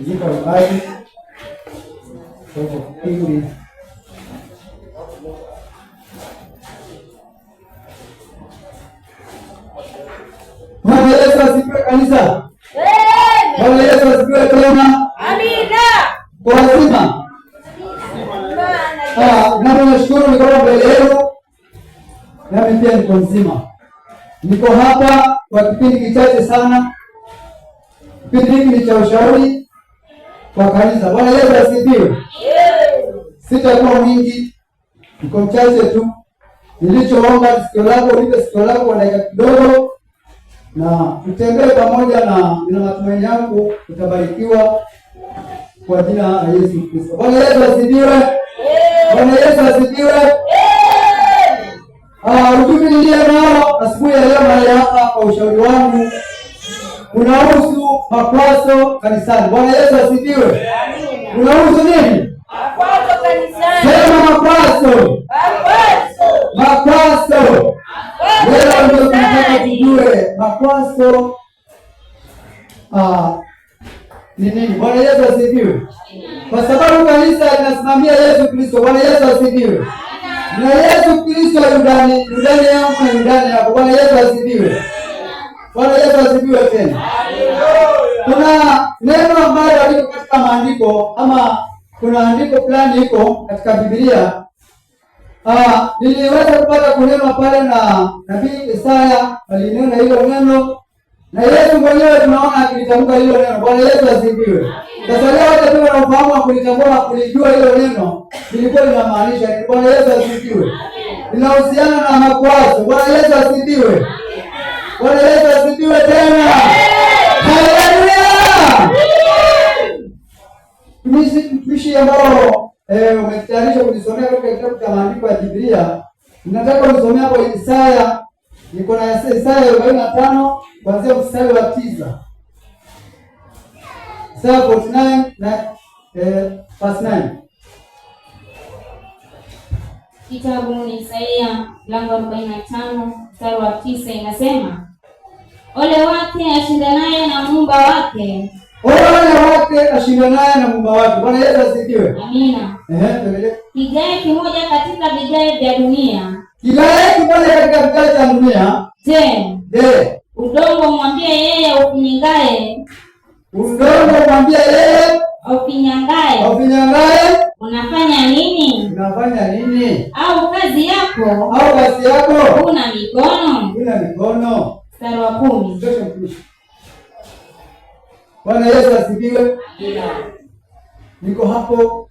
kupumzika mbali kutoka kipindi Bwana Yesu asifiwe kanisa. Bwana Yesu asifiwe tena. Amina. Kwa lazima. Ah, na tunashukuru niko hapa leo. Na mimi pia niko mzima. Niko hapa kwa kipindi kichache sana. Kipindi hiki ni cha ushauri kwa kanisa. Bwana Yesu asifiwe. Sitakuwa mwingi, niko mchache tu. Nilichoomba sikio lako ulipe sikio lako kwa dakika kidogo, na tutembee pamoja, na nina matumaini yangu utabarikiwa kwa jina la Yesu Kristo. Bwana Yesu asifiwe. Bwana Yesu asifiwe. Ah, Ujumbe nilio nao asubuhi ya leo mahali hapa, kwa ushauri wangu unahusu makwazo kanisani. Bwana Yesu asifiwe. Unahusu nini? Makwazo kanisani. Sema makwazo. Makwazo. Leo ndio tunataka tujue makwazo ah, ni nini. Bwana Yesu asifiwe, kwa sababu kanisa linasimamia Yesu Kristo. Bwana Yesu asifiwe. Na Yesu Kristo ndani, ndani yangu na yundani yako. Bwana Yesu asifiwe. Bwana Yesu asifiwe tena. Kuna neno ambalo liko katika maandiko ama kuna andiko fulani iko katika Biblia. Ah, niliweza kupata kunena pale na nabii Isaya alinena hilo neno na Yesu mwenyewe tunaona akilitamka hilo neno. Bwana Yesu asifiwe. Sasa leo hata tuwe na ufahamu wa kulitambua kulijua hilo neno lilikuwa linamaanisha. Bwana Yesu asifiwe. Linahusiana na makwazo. Bwana Yesu asifiwe. Bwana Yesu asifiwe tena. Haleluya! Mtumishi ambao eh, umejitayarisha kujisomea katika kitabu cha maandiko ya Biblia, nataka usomea hapo Isaya, niko na Isaya arobaini na kuanzia mstari wa tisa. Isaya 49 na eh, verse 9. Kitabu ni Isaia mlango 45 mstari wa 9 inasema Ole wake ashindanaye na muumba wake. Ole wake ashindanaye na muumba wake. Bwana Yesu asifiwe. Amina. Ehe, kigae kimoja katika vigae vya dunia. Kigae kimoja katika vigae vya dunia. Je, je, udongo mwambie yeye ukinyangae. Udongo mwambie yeye ukinyangae. Ukinyangae. Unafanya nini? Unafanya nini? Au kazi yako? Au kazi yako? Una mikono? Una mikono? mstari wa kumi. Bwana Yesu asifiwe. Niko hapo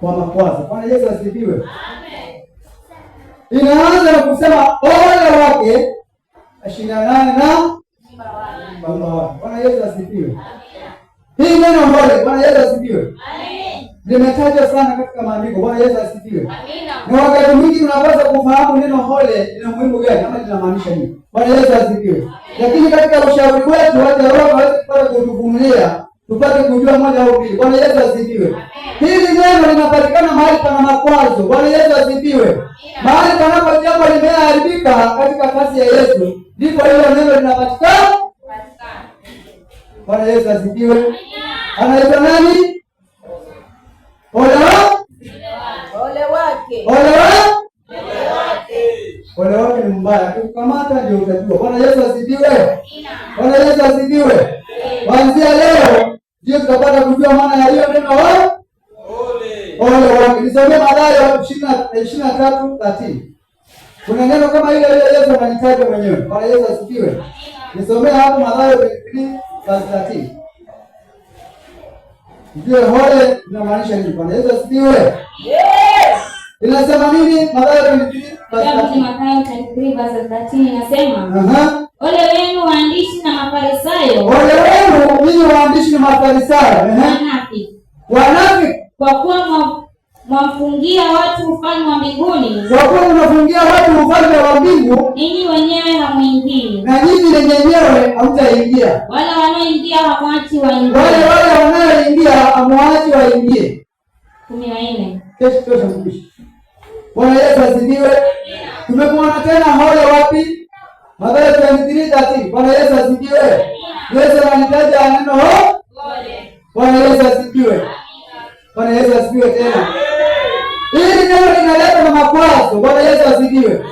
kwa makwaza. Bwana Yesu asifiwe. Amen. Inaanza na kusema ole wake ishirini na nane na baba wake. Bwana Yesu asifiwe. Hii neno mbole. Bwana Yesu asifiwe. Amen linatajwa sana katika maandiko. Bwana Yesu asifiwe. Amina. Na wakati mwingi tunapaswa kufahamu neno hole lina muhimu gani ama linamaanisha nini. Bwana Yesu asifiwe. Lakini katika ushauri wetu wacha roho waweze kupata kutuvumilia, tupate kujua moja au mbili. Bwana Yesu asifiwe. Hili neno linapatikana mahali pana makwazo. Bwana Yesu asifiwe. Mahali panapo jambo limeharibika katika kazi ya Yesu, ndipo hilo neno linapatikana. Bwana Yesu asifiwe. Anaitwa nani? hata ndio utajua. Bwana Yesu asifiwe. Bwana Yesu asifiwe. Kuanzia leo ndio tutapata kujua maana ya hiyo neno eh? ole. Ole. Nisomee Mathayo 23:30. Kuna neno kama ile ile Yesu ananitaja mwenyewe. Bwana Yesu asifiwe. Nisomee hapo Mathayo 23:30. Ndio ole inamaanisha nini? Bwana Yesu asifiwe. Yes. Inasema nini? Mathayo 23:30 inasema, Ole wenu waandishi na Mafarisayo. Ole wenu ninyi waandishi na Mafarisayo. Wanafi. Wanafi. Kwa kuwa mwafungia watu ufalme wa mbinguni. Kwa kuwa mwafungia watu ufalme wa mbingu. Ninyi wenyewe hamuingii. Na ninyi wenyewe hamtaingia. Wala wanaoingia hamwachi waingie. Wale wale wanaoingia hamwachi waingie. 14 kesho mkisha. Bwana Yesu asifiwe. Tumekuona tena hole wapi? Mathayo 23:30. Bwana Yesu asifiwe. Yesu anahitaji neno ho. Bwana Yesu asifiwe. Bwana Yesu asifiwe tena. Hili neno linaleta na makwazo. Bwana Yesu asifiwe.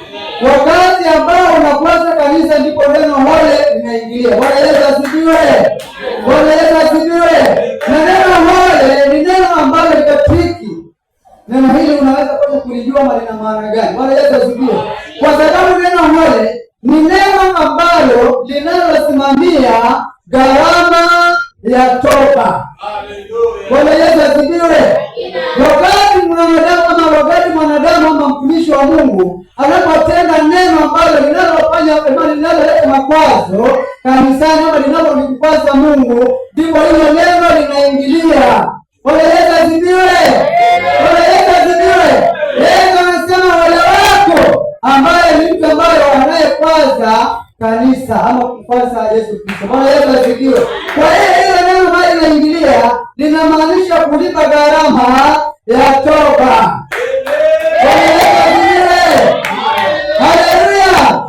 Wakati ambao unakwaza kanisa ndipo neno hole linaingilia. Bwana Yesu asifiwe. Bwana Yesu asifiwe. Kuomba lina maana gani? Bwana Yesu asifiwe. Kwa sababu kanisa ama kufuasa Yesu Kristo. Bwana Yesu asifiwe. Kwa hiyo ile neno ambayo inaingilia linamaanisha kulipa gharama ya toba. Haleluya!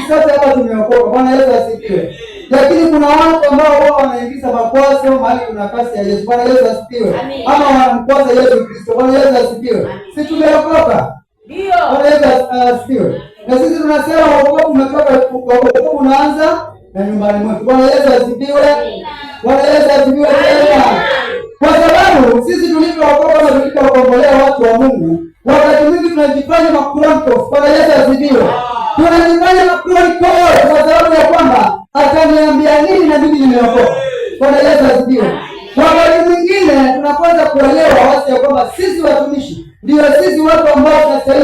Sisi hapa tumeokoka. Bwana Yesu asifiwe. Lakini kuna watu ambao wao wanaingiza makwazo mahali kuna kasi ya Yesu. Bwana Yesu asifiwe. Ama wanamkwaza Yesu Kristo. Bwana Yesu asifiwe. Si tumeokoka? Ndio. Bwana Yesu asifiwe. Na sisi tunasema wokovu umetoka kwa wokovu unaanza na nyumbani mwetu. Bwana Yesu asifiwe. Bwana Yesu asifiwe tena. Kwa sababu sisi tulivyookoka na tulivyokombolewa watu wa Mungu, wakati mwingi tunajifanya makuranto. Bwana Yesu asifiwe. Tunajifanya makuranto kwa sababu ya kwamba ataniambia nini na mimi nimeokoka. Bwana Yesu asifiwe. Wakati mwingine tunakwenda kuelewa wasi ya kwamba sisi watumishi ndio sisi watu ambao tunastahili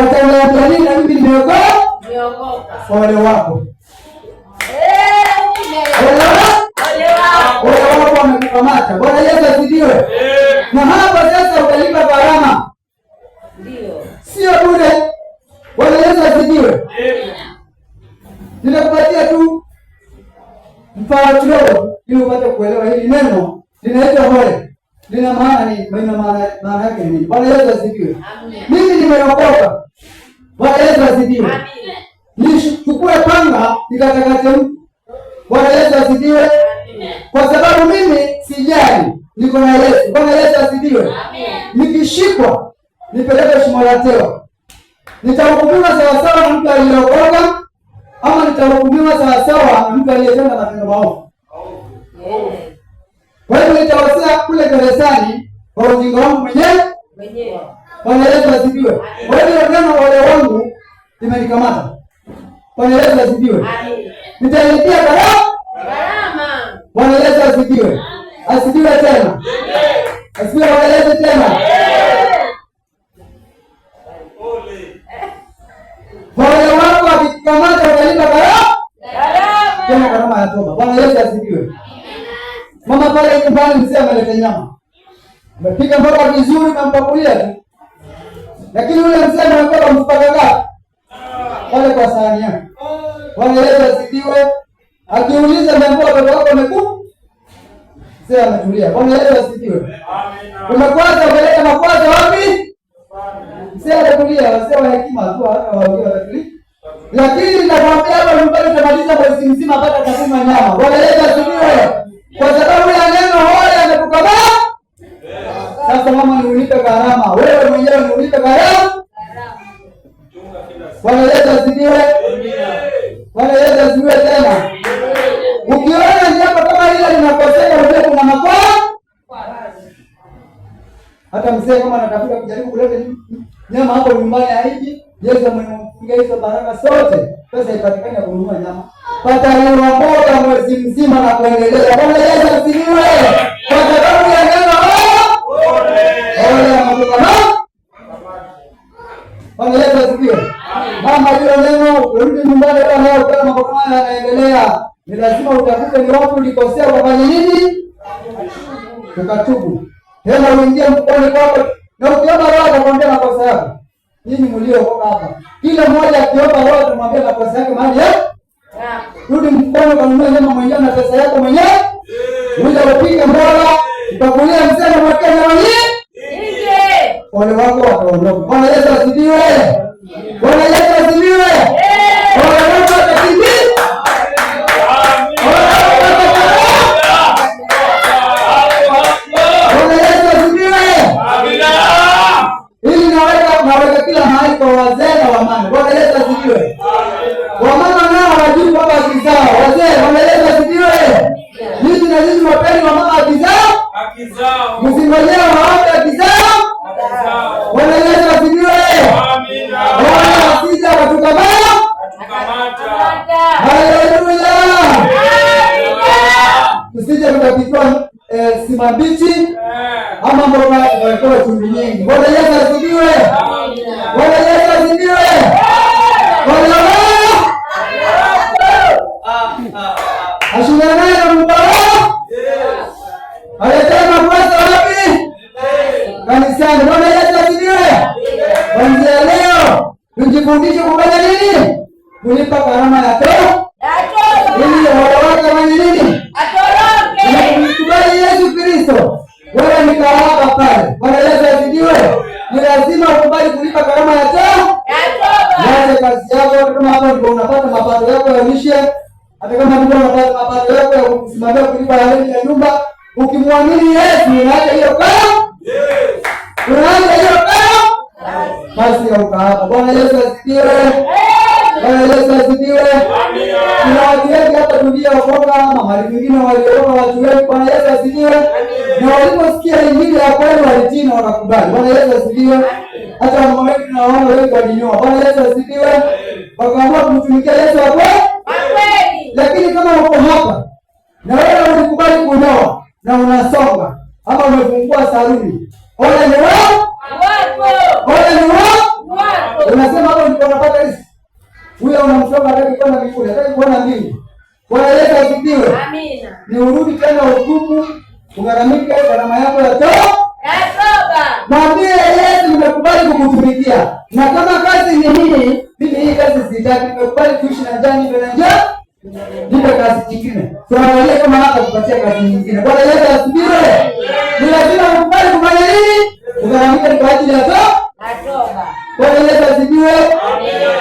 watangaanini na mimi nimeokoka. Ole wako ole wako wamekukamata. Bwana Yesu asifiwe. Na sasa utalipa gharama, sio bure. Bwana Yesu asifiwe. Ninakupatia tu mfano kidogo ili upate kuelewa hili neno linaitwa lina maana ni maana yake Bwana Yesu asifiwe. Mimi nimeokoka Bwana Yesu asifiwe. Nishukue panga nikatakate mtu. Bwana Yesu asifiwe. Kwa sababu mimi sijali, niko na Yesu. Bwana Yesu asifiwe. Nikishikwa nipeleke shimo la tewa, nitahukumiwa sawasawa na mtu aliyeokoka, ama nitahukumiwa sawasawa na mtu aliyetenda matendo maovu. Kwa hivyo nitawasia kule gerezani kwa ujinga wangu mwenyewe. Bwana Yesu asifiwe. Kwa hiyo neno wale wangu limenikamata. Bwana Yesu asifiwe. Nitalipia baraka. Bwana Yesu asifiwe. Asifiwe tena. Asifiwe Bwana Yesu tena. wangu Tena ya toba. Bwana Yesu asifiwe. Mama pale nyumbani msema lete nyama. Umepiga mboga vizuri, umempakulia tu lakini yule mzee anakula mpaka ngapi? Wale kwa sahani yake wanaweza zidiwe. Akiuliza mambo watoto wako wameku mzee anatulia, wanaweza zidiwe. Umekwaza umeleta makwaza wapi? Mzee anatulia, wazee wa hekima tu hata waongea watakili. Lakini nakwambia hapa nyumbani utamaliza mwezi mzima mpaka takuma nyama. Wanaweza zidiwe kwa sababu ya neno hoya amekukamaa. Sasa mama niunipe gharama wewe asifiwe tena. Ukiona jambo kama hilo linakosea, ujue kuna makosa. Hata mzee kama anatafuta kujaribu kuleta nyama hapo nyumbani haiji, Yesu amemfunga hizo baraka zote, pesa ipatikane ya kununua nyama. Pata nyama bora mwezi mzima na kuendelea. Bwana Yesu asifiwe. Kwa sababu ya neno Bwana Yesu asifiwe. Mama, hiyo neno urudi nyumbani Bwana anaendelea, ni lazima utafute ni wapi ulikosea, ukafanya nini, ukatubu tena uingie mkubani kwako, na ukiomba Roho atakwambia makosa yako. Nini mliokoka hapa, kila mmoja akiomba Roho atamwambia makosa yake mahali eh, rudi mkubani kanunua nyama mwenyewe na pesa yako mwenyewe, uja upike mbola utakulia mzee na mwekea nyama nyingi, wale wako wakaondoka. Bwana Yesu asifiwe. asifiwe, Bwana Yesu asifiwe. Kuna watu wengi hapa dunia wakoga mahali pengine waliokoka watu wengi. Bwana Yesu asifiwe. Na waliposikia injili ya kweli walitii na wakakubali. Bwana Yesu asifiwe. Hata mama wengi na wana wengi walinyoa. Bwana Yesu asifiwe. Wakaamua kumtumikia Yesu wa kweli. Lakini kama uko hapa na wewe ulikubali kunyoa na unasonga ama umefungua saruni, ole ni wewe, ole ni wewe Unasema hapo ndipo anapata riziki. Huyo unamsoma hataki kuona mbinguni, hataki kuona mbingu. Bwana Yesu asifiwe. Amina. Ni urudi tena hukumu, kwa gharama yako ya toba. Mwambie Yesu nimekubali kukutumikia. Na kama kazi ni hii, mimi hii kazi sitaki. Nimekubali kuishi na jani nipe na Ndipo kazi nyingine. Tunaangalia kama hapo kupatia kazi nyingine. Bwana Yesu asifiwe. Ni lazima ukubali kufanya hili. Ungaramika kwa ajili ya toba. Bwana Yesu asifiwe.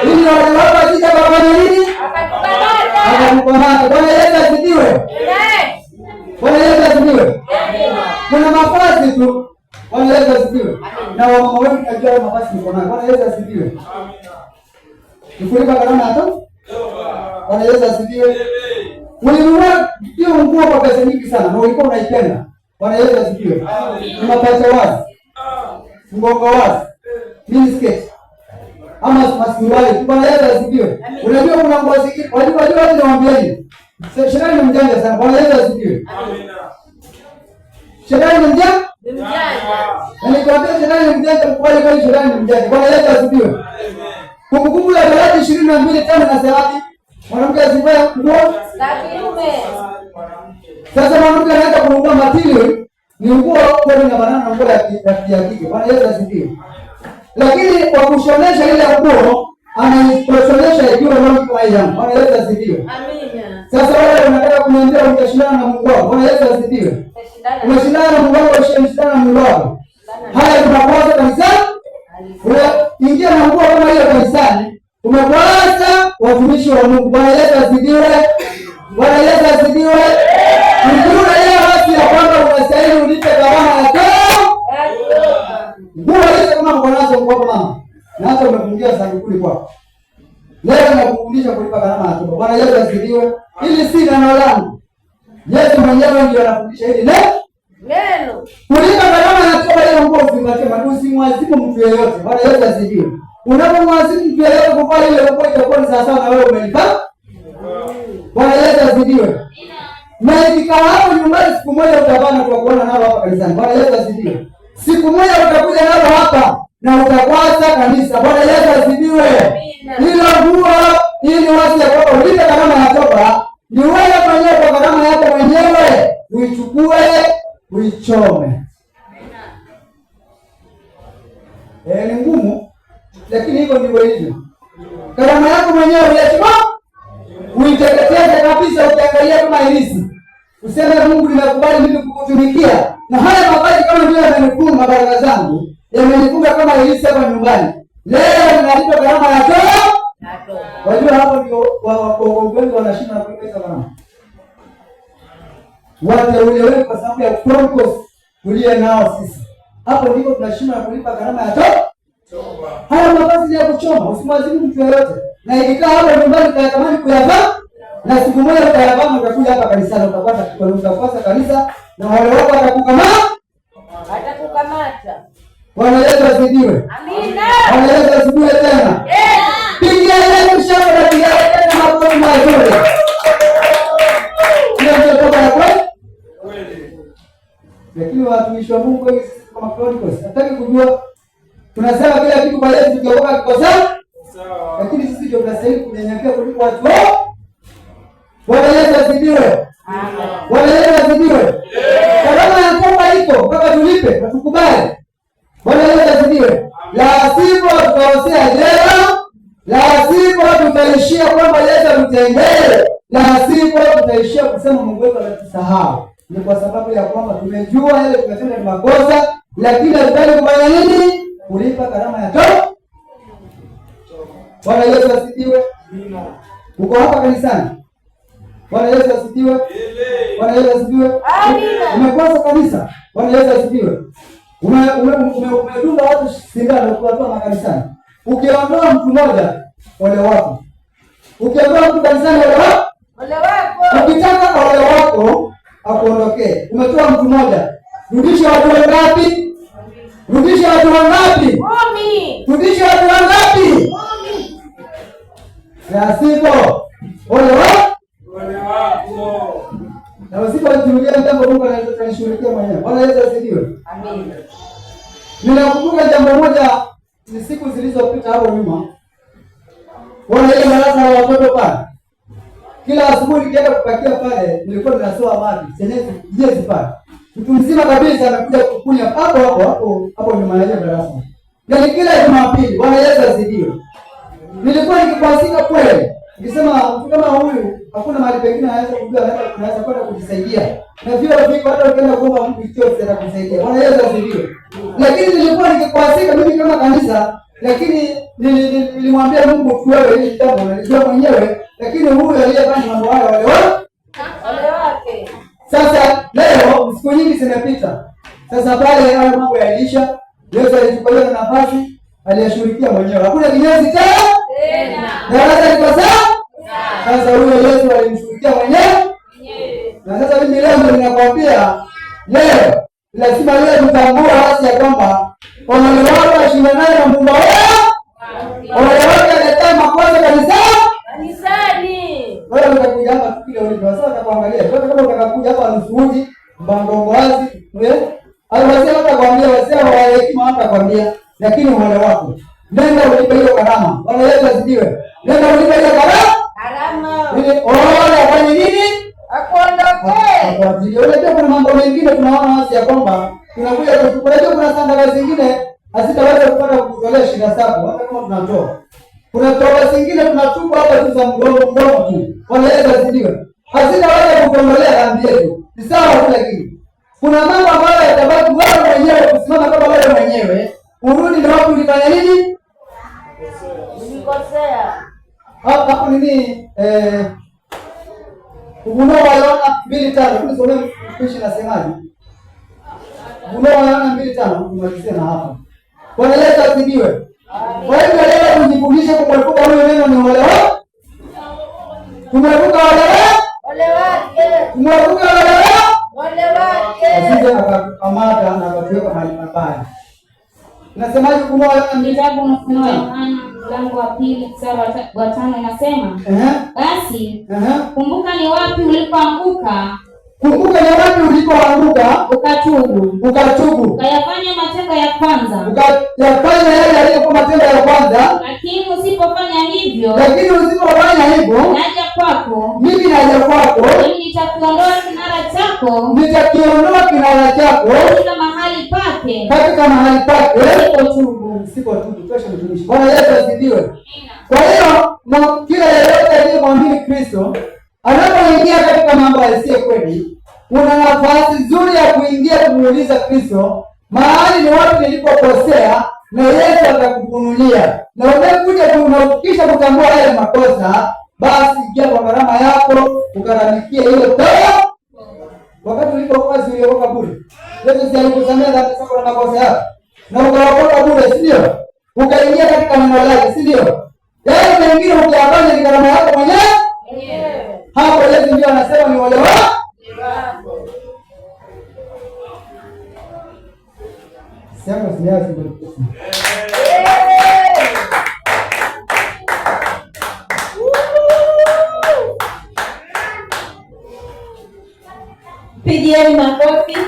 Ili na wako asije pamoja nini? Akatukabata. Bwana Yesu asifiwe. Bwana Yesu asifiwe. Kuna mavazi tu. Bwana Yesu asifiwe. Na wamama wengi kajua hayo mavazi niko nayo. Bwana Yesu asifiwe. Nikulipa gharama hapo? Bwana Yesu asifiwe. Ulinunua hiyo nguo kwa pesa nyingi sana na ulikuwa unaipenda. Bwana Yesu asifiwe. Ni mapacha wazi. Mgongo wazi mini ama masuruali. Bwana Yesu asifiwe. Unajua kuna ngozi hii, wajua wajua watu nawaambieni, shetani ni mjanja sana. Bwana Yesu asifiwe. Amina. Shetani ni mjanja, ni mjanja. Nilikwambia shetani ni mjanja, mkubali kweli shetani ni mjanja. Bwana Yesu asifiwe. Kumbukumbu la Torati ishirini na mbili tano na thelathini mwanamke asivae nguo za kiume. Sasa mwanamke anaweza kuungua matili ni nguo kweli na banana nguo ya kike. Bwana Yesu asifiwe lakini kwa kushonesha ile nguo anaishonesha ikiwa roho kwa yeye. Bwana Yesu asifiwe. Amina. Sasa wewe unataka kuniambia utashindana na Mungu wako. Bwana Yesu asifiwe. Unashindana na Mungu wako, ushindana na Mungu wako. Haya, tunapoanza kanisani, ingia na nguo kama hiyo kanisani, umekwaza watumishi wa Mungu. Bwana Yesu asifiwe. Bwana Yesu asifiwe. kama uko nazo kwa mama, nazo umefungia sandukuni kwako. Leo nakufundisha kulipa gharama ya toba. Bwana Yesu asifiwe. Ili si neno langu. Yesu mwenyewe ndiye anafundisha hili neno. Neno. Kulipa gharama ya toba ile ngumu usimwache, mtu, usimwazimu mtu yeyote. Bwana Yesu asifiwe. Unapomwazimu mtu yeyote kwa kweli ile ngumu itakuwa ni sawa na wewe umelipa. Bwana Yesu asifiwe. Na ikikao hapo nyumbani siku moja utabana kwa kuona nao hapa kanisani. Bwana Yesu asifiwe. Siku moja utakuja nalo hapa na utakwaza kanisa. Bwana Yesu asifiwe. Hilo nguo ili wasi ya ulipe gharama ya toba ni wewe mwenyewe kwa gharama yako mwenyewe, uichukue uichome. Eh, ni ngumu lakini hiko ndivyo hivyo. Gharama yako mwenyewe uiachimo, uiteketeze kabisa, ukiangalia kama ilisi, useme Mungu, nimekubali mimi kukutumikia na haya mabaki kama vile yamenifuma baraka zangu Yamenifunga kama ilisema nyumbani. Leo nalipa gharama ya toba. Wajua hapo ndio wakongozi wanashinda na kuweka gharama. Wateule wetu kwa sababu ya protocols kulia nao sisi. Hapo ndipo tunashinda na kulipa gharama ya toba. Haya mavazi ya kuchoma usimwazimu mtu yeyote. Na ikikaa hapo nyumbani kayatamani kuyavaa na siku moja utayavaa utakuja hapa kanisani utapata kwanza kanisa na wale wako watakukamaa Bwana Yesu asifiwe. Amina. Bwana Yesu asifiwe tena. Pigia Yesu shangwe na tena makofi mazuri. Ndio mtoto wa kweli. Lakini watumishi wa Mungu wengi kama Chronicles, hataki kujua tunasema kila kitu kwa Yesu tukiokoka kwa sawa. Lakini sisi ndio tunastahili kunyenyekea kuliko watu. tutaishia kwamba Yesu amtendee, na sivyo tutaishia kusema Mungu wetu anatusahau. Ni kwa sababu ya kwamba tumejua yale tunatenda ni makosa, lakini hatutaki kufanya nini? Kulipa gharama ya toba. Bwana Yesu asifiwe. Uko hapa kanisani? Bwana Yesu asifiwe. Bwana Yesu asifiwe. Umekosa kabisa. Bwana Yesu asifiwe. Umedunga watu sindano kuwatoa makanisani, ukiondoa mtu mmoja, Ukiambiwa mkanisani ole wako, ole wako. Ukitaka ole wako akuondokee. Umetoa mtu mmoja, rudisha watu wangapi? Rudisha watu wangapi? Kumi. Rudisha watu wangapi? Kumi. Na sipo ole wako, ole wako. Na usipo nitumikia mtambo Mungu ananishughulikia mwenyewe. Bwana Yesu asifiwe. Amina. Ninakumbuka jambo moja ni siku zilizopita hapo nyuma nilipopakia pale nilikuwa ninasoa maji senesi jezi pale, mtu mzima kabisa anakuja kukunya hapo hapo hapo hapo nyuma ya darasa. Yaani kila Jumapili Bwana Yesu azidiwe, Nilikuwa nikipasika kweli, nikisema mtu kama huyu hakuna mahali pengine anaweza kujua, anaweza anaweza kwenda kujisaidia na vile viko, hata ukienda kuomba mtu chochote atakusaidia. Bwana Yesu azidiwe. Lakini nilikuwa nikipasika mimi kama kanisa lakini nilimwambia Mungu, wewe hili jambo unalijua mwenyewe, lakini huyu aliyefanya mambo haya wale wale zimepita. Sasa pale hayo mambo yaliisha. Yesu alichukua na nafasi, aliyashughulikia mwenyewe. Hakuna kinyozi tena. tena, Darasa liko sawa? Sasa huyo Yesu alimshughulikia mwenyewe. Na sasa mimi leo ndio ninakwambia leo lazima leo mtambua hasa ya kwamba omole wako ashinda naye na mtumba wao. Omole wako analeta makosa kanisa Kanisani. Wewe unakuja hapa kile ulivyo. Sasa nitakuangalia. Wewe kama utakakuja hapa nusu uji mbangongo wazi eh, alimwambia hata kwambia wasema wa hekima hata kwambia, lakini wale wako nenda ulipe hiyo karama. Bwana Yesu asifiwe. Nenda ulipe hiyo karama karama, ile ole afanye nini, akuondoke kwa ajili yule. Pia kuna mambo mengine tunaona wazi ya kwamba tunakuja kutukuletea, kuna sandala zingine hazitaweza kupata kutolea shida zako, hata kama tunatoa. Kuna toba zingine tunatupa hata tu za mdomo mdomo tu. Bwana Yesu asifiwe, hazitaweza kutondolea dhambi yetu ni sawa kila kitu. Kuna mambo ambayo yatabaki wewe mwenyewe kusimama kama wewe mwenyewe. Urudi na watu ulifanya nini? Ulikosea. Hapa kuna nini? Eh. Unaona Yohana 2:5 tulisomea kuishi nasemaje? wa Yohana 2:5 tumalizie na hapa. Bwana Yesu asifiwe. Kwa hivyo leo tujifundishe kumwepuka huyo neno ni wale wao. Kumwepuka wale wao. Wale wao. barabara. Nasemaje kunoa? Kitabu unafunua Yohana mlango wa pili mstari wa tano inasema, basi kumbuka ni wapi ulipoanguka Kumbuka ya wapi ulipoanguka, ukatubu, ukatubu, ukayafanya matendo ya kwanza, ukayafanya yale yaliyokuwa matendo ya kwanza. Lakini usipofanya hivyo, lakini usipofanya hivyo, naja kwako mimi, naja kwako mimi, nitakiondoa kinara chako, nitakiondoa kinara chako katika mahali pake, katika mahali pake, usipotubu, usipotubu. Tosha mtumishi. Bwana Yesu asifiwe. Kwa hiyo kila yeyote aliyemwamini Kristo Anapoingia katika mambo yasiyo kweli, kuna nafasi nzuri ya kuingia kumuuliza Kristo, mahali ni wapi nilipokosea, na Yesu atakufunulia. Na umekuja kunafikisha kutambua yale makosa, basi ingia kwa gharama yako ukaramikia hilo toba. Wakati ulipokuwa uliokoka bure, Yesu si alikusamea dhambi zako na makosa yako na ukaokoka bure, si ndio? Ukaingia katika neno lake, si ndio? Yale yaani mengine ukiyafanya ni gharama yako mwenyewe hapo Yesu ndio anasema ni wale wa Pigieni makofi.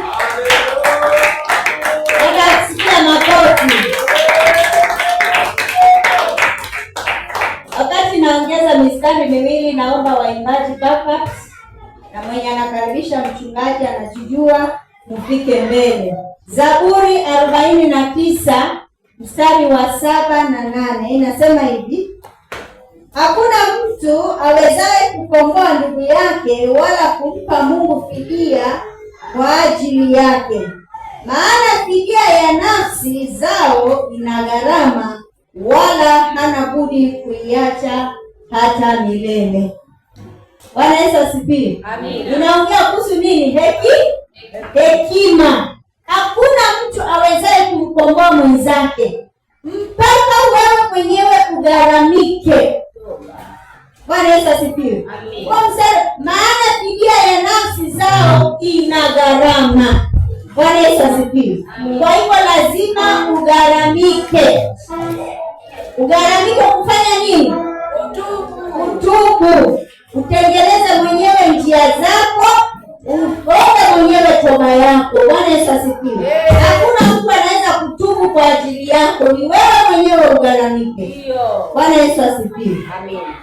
tufike mbele. Zaburi arobaini na tisa mstari wa saba na nane inasema hivi: hakuna mtu awezaye kukomboa ndugu yake, wala kumpa Mungu fidia kwa ajili yake, maana fidia ya nafsi zao ina gharama, wala hana budi kuiacha hata milele. Bwana Yesu asifiwe. Amina. Unaongea kuhusu nini? Heki hekima. Hakuna mtu awezaye kumkomboa mwenzake mpaka wewe mwenyewe ugharamike. Bwana Yesu asifiwe. Maana fidia ya nafsi zao ina gharama. Bwana Yesu asifiwe. Kwa hivyo lazima ugharamike. Ugharamike kufanya nini? Utubu, utengeleze mwenyewe njia zako, uombe mwenyewe toba yako. Bwana Yesu asifiwe. Hakuna mtu anaweza kutubu kwa ajili yako, ni wewe mwenyewe ugaramike. Bwana Yesu asifiwe. Amen.